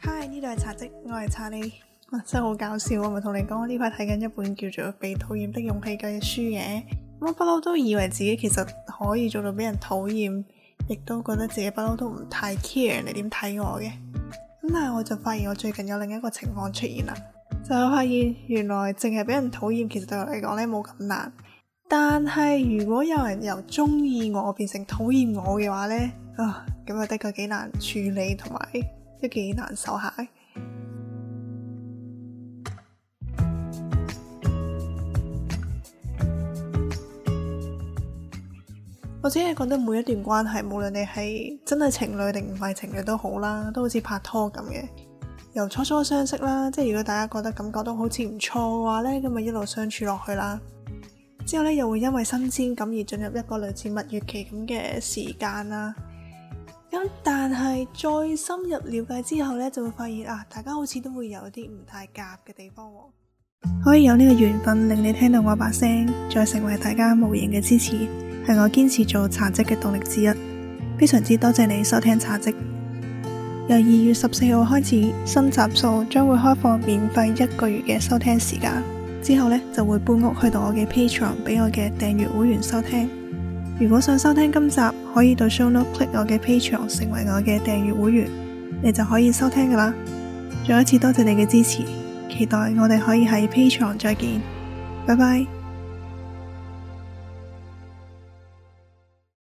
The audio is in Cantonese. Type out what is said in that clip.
hi 呢度係茶嘖，我係查你。真係好搞笑，我咪同你講我呢排睇緊一本叫做《被討厭的勇氣》嘅書嘅，咁我不嬲都以為自己其實可以做到俾人討厭，亦都覺得自己不嬲都唔太 care 人哋點睇我嘅，咁但係我就發現我最近有另一個情況出現啦，就係發現原來淨係俾人討厭其實對我嚟講呢冇咁難，但係如果有人由中意我變成討厭我嘅話呢，啊咁啊的確幾難處理同埋。都幾難受下。我只係覺得每一段關係，無論你係真係情侶定唔係情侶都好啦，都好似拍拖咁嘅。由初初相識啦，即係如果大家覺得感覺都好似唔錯嘅話呢，咁咪一路相處落去啦。之後呢，又會因為新鮮感而進入一個類似蜜月期咁嘅時間啦。但係再深入了解之後呢，就會發現啊，大家好似都會有啲唔太夾嘅地方喎。哦，可以有呢個緣分令你聽到我把聲，再成為大家無形嘅支持，係我堅持做茶嘖嘅動力之一。非常之多謝你收聽茶嘖。由二月十四號開始，新集數將會開放免費一個月嘅收聽時間，之後呢，就會搬屋去到我嘅 Patreon 俾我嘅訂閱會員收聽。如果想收聽今集，可以到 ShowNote click 我嘅 Patreon 成為我嘅訂閱會員，你就可以收聽噶啦。再一次多謝你嘅支持，期待我哋可以喺 Patreon 再見，拜拜。